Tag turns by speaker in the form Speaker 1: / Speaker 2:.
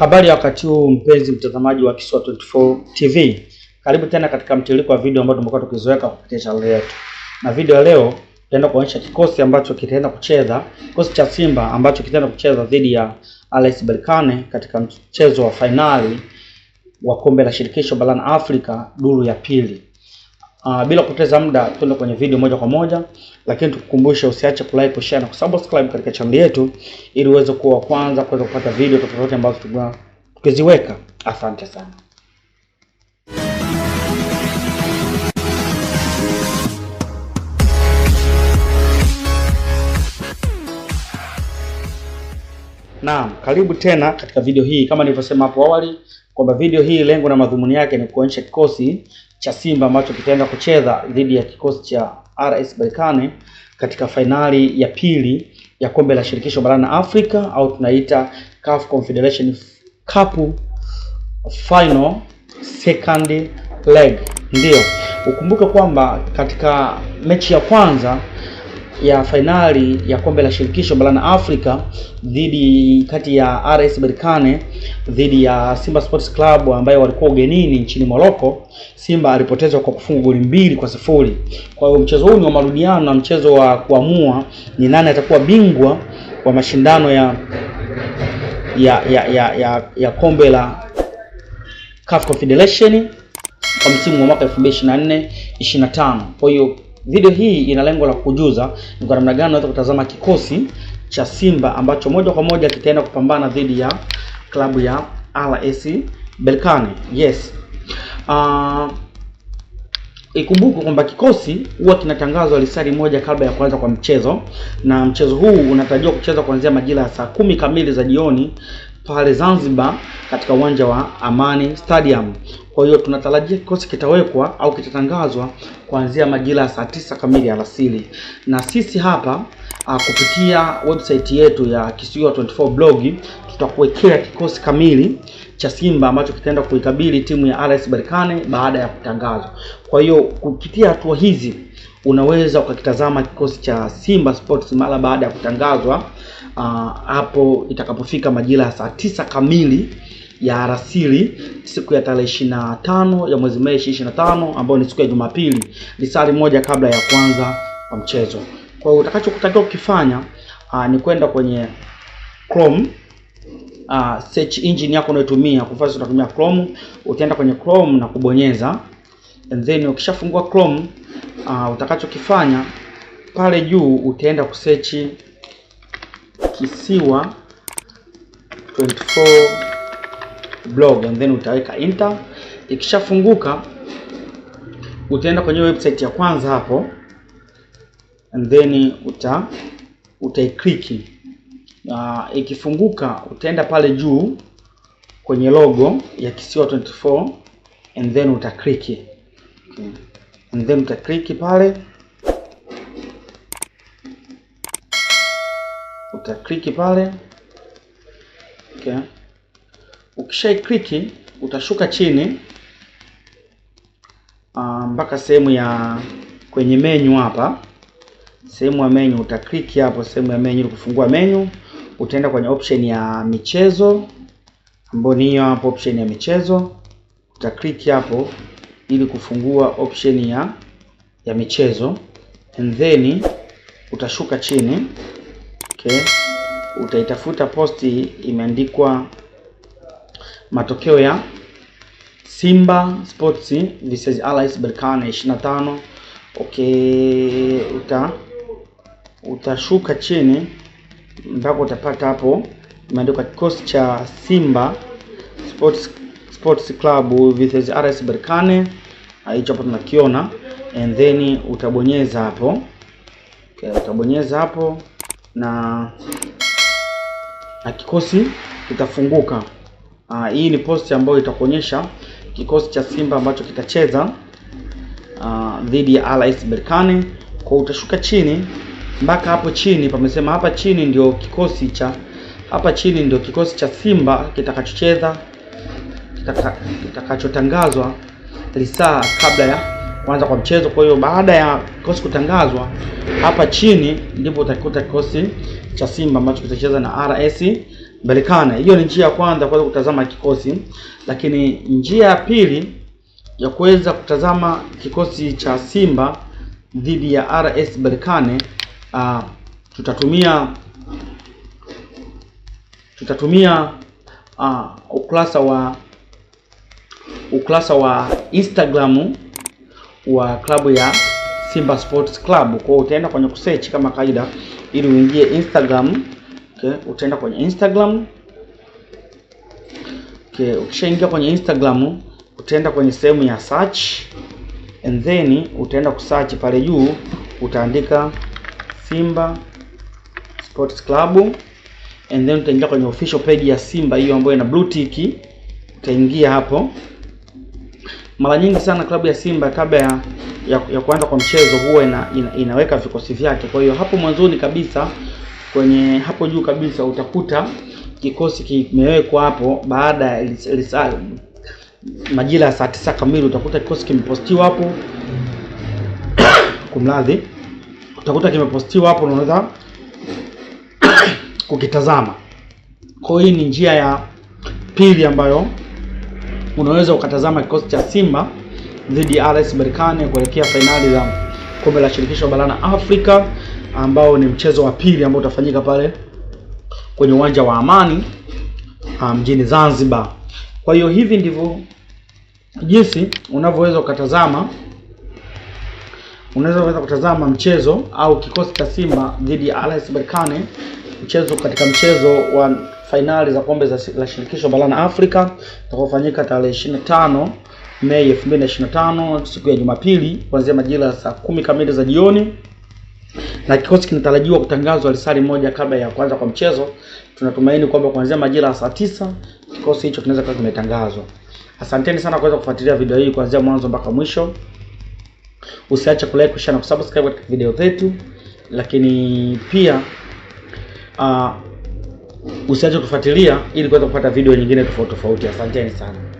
Speaker 1: Habari ya wakati huu mpenzi mtazamaji wa Kiswa 24 TV, karibu tena katika mtiririko wa video ambayo tumekuwa tukizoeka kupitia chaneli yetu, na video ya leo tutaenda kuonyesha kikosi ambacho kitaenda kucheza, kikosi cha Simba ambacho kitaenda kucheza dhidi ya RS Berkane katika mchezo wa fainali wa kombe la shirikisho barani Afrika duru ya pili. Uh, bila kupoteza muda tuende kwenye video moja kwa moja, lakini tukukumbushe usiache kulike, kushare na kusubscribe katika channel yetu ili uweze kuwa kwanza kuweza kupata video tofauti ambazo tukiziweka. Asante sana. Naam, karibu tena katika video hii. Kama nilivyosema hapo awali kwamba video hii lengo na madhumuni yake ni kuonyesha kikosi cha Simba ambacho kitaenda kucheza dhidi ya kikosi cha RS Berkane katika fainali ya pili ya kombe la shirikisho barani Afrika au tunaita CAF Confederation Cup final second leg. Ndio ukumbuke kwamba katika mechi ya kwanza ya fainali ya kombe la shirikisho barani Afrika dhidi kati ya RS Berkane dhidi ya Simba Sports Club ambayo walikuwa ugenini nchini Morocco. Simba alipotezwa kwa kufunga goli mbili kwa sifuri. Kwa hiyo mchezo huu ni wa marudiano na mchezo wa kuamua ni nani atakuwa bingwa wa mashindano ya ya ya ya, ya, ya kombe la CAF Confederation kwa msimu wa mwaka 2024 25. Kwa hiyo Video hii ina lengo la kujuza ni kwa namna gani unaweza kutazama kikosi cha Simba ambacho moja kwa moja kitaenda kupambana dhidi ya klabu ya RS belkane Yes. Uh, ikumbuke kwamba kikosi huwa kinatangazwa lisari moja kabla ya kuanza kwa mchezo, na mchezo huu unatarajiwa kuchezwa kuanzia majira ya saa kumi kamili za jioni pale Zanzibar katika uwanja wa Amani Stadium. Kwa hiyo tunatarajia kikosi kitawekwa au kitatangazwa kuanzia majira ya saa tisa kamili alasiri, na sisi hapa a, ah, kupitia website yetu ya Kisiwa 24 blog tutakuwekea kikosi kamili cha Simba ambacho kitaenda kuikabili timu ya RS Berkane baada ya kutangazwa. Kwa hiyo kupitia hatua hizi unaweza ukakitazama kikosi cha Simba Sports mara baada ya kutangazwa ah, hapo itakapofika majira ya saa tisa kamili ya arasili siku ya tarehe ishirini na tano ya mwezi Mei ishirini na tano ambayo ni siku ya Jumapili, lisali moja kabla ya kuanza kwa mchezo. Kwa hiyo utakachotakiwa kukifanya ah, ni kwenda kwenye Chrome uh, search engine yako unayotumia. Kwa mfano unatumia Chrome, utaenda kwenye Chrome na kubonyeza, and then ukishafungua Chrome uh, utakachokifanya pale juu utaenda kusearch kisiwa blog and then utaweka enter. Ikishafunguka utaenda kwenye website ya kwanza hapo and then uta utaikliki. Uh, ah, ikifunguka utaenda pale juu kwenye logo ya Kisiwa 24 and then utakliki okay. And then utakliki pale utakliki pale okay. Ukishaikliki utashuka chini ah, mpaka sehemu ya kwenye menyu hapa, sehemu ya menyu utakliki hapo, sehemu ya menyu kufungua menyu, utaenda kwenye option ya michezo ambayo ni hiyo hapo, option ya michezo utakliki hapo ili kufungua option ya ya michezo and then utashuka chini okay. Utaitafuta posti imeandikwa matokeo ya Simba Sports vs Allies Berkane 25. Okay, uta utashuka chini mpaka utapata hapo imeandikwa kikosi cha Simba Sports Sports Club vs RS Berkane, ah, hicho hapo tunakiona, and then utabonyeza hapo okay, utabonyeza hapo na na kikosi kitafunguka. Uh, hii ni posti ambayo itakuonyesha kikosi cha Simba ambacho kitacheza uh, dhidi ya RS Berkane. Kwa utashuka chini mpaka hapo chini pamesema, hapa chini ndio kikosi cha hapa chini ndio kikosi cha Simba kitakachocheza kitakachotangazwa kitaka lisaa kabla ya kuanza kwa mchezo. Kwa hiyo baada ya kikosi kutangazwa, hapa chini ndipo utakuta kikosi cha Simba ambacho kitacheza na RS Berkane. Hiyo ni njia ya kwanza kuweza kutazama kikosi, lakini njia ya pili ya kuweza kutazama kikosi cha Simba dhidi ya RS Berkane uh, tutatumia tutatumia uh, ukurasa wa ukurasa wa Instagram wa klabu ya Simba Sports Club. Kwa hiyo utaenda kwenye kusearch kama kawaida, ili uingie Instagram okay, utaenda kwenye Instagram okay, ukishaingia kwenye Instagram utaenda kwenye sehemu ya search and then utaenda kusearch pale juu utaandika Simba Sports Club and then utaingia kwenye official page ya Simba hiyo ambayo ina blue tick, utaingia hapo. Mara nyingi sana klabu ya Simba kabla ya, ya, kuanza kwa mchezo huwa ina, ina, inaweka vikosi vyake. Kwa hiyo hapo mwanzoni kabisa kwenye hapo juu kabisa utakuta kikosi kimewekwa hapo baada ya risala majira ya saa tisa kamili utakuta kikosi kimepostiwa hapo kumradhi, utakuta kimepostiwa hapo, unaweza kukitazama. Kwa hiyo hii ni njia ya pili ambayo unaweza ukatazama kikosi cha Simba dhidi ya RS Berkane kuelekea fainali za kombe la shirikisho barani Afrika ambao ni mchezo wa pili ambao utafanyika pale kwenye uwanja wa Amani ah, mjini Zanzibar. Kwa hiyo hivi ndivyo jinsi unavyoweza ukatazama unaweza kutazama mchezo au kikosi cha Simba dhidi ya RS Berkane mchezo katika mchezo wa fainali za kombe la shirikisho barani Afrika utakaofanyika tarehe 25 Mei 2025 siku ya Jumapili kuanzia majira ya saa kumi kamili za jioni na kikosi kinatarajiwa kutangazwa risali moja kabla ya kuanza kwa mchezo. Tunatumaini kwamba kuanzia majira ya saa tisa kikosi hicho kinaweza kuwa kimetangazwa. Asanteni sana kuweza kufuatilia video hii kuanzia mwanzo mpaka mwisho. Usiache kulike, kushare na kusubscribe katika video zetu, lakini pia uh, usiache kufuatilia ili kuweza kupata video nyingine tofauti tofauti. Asanteni sana.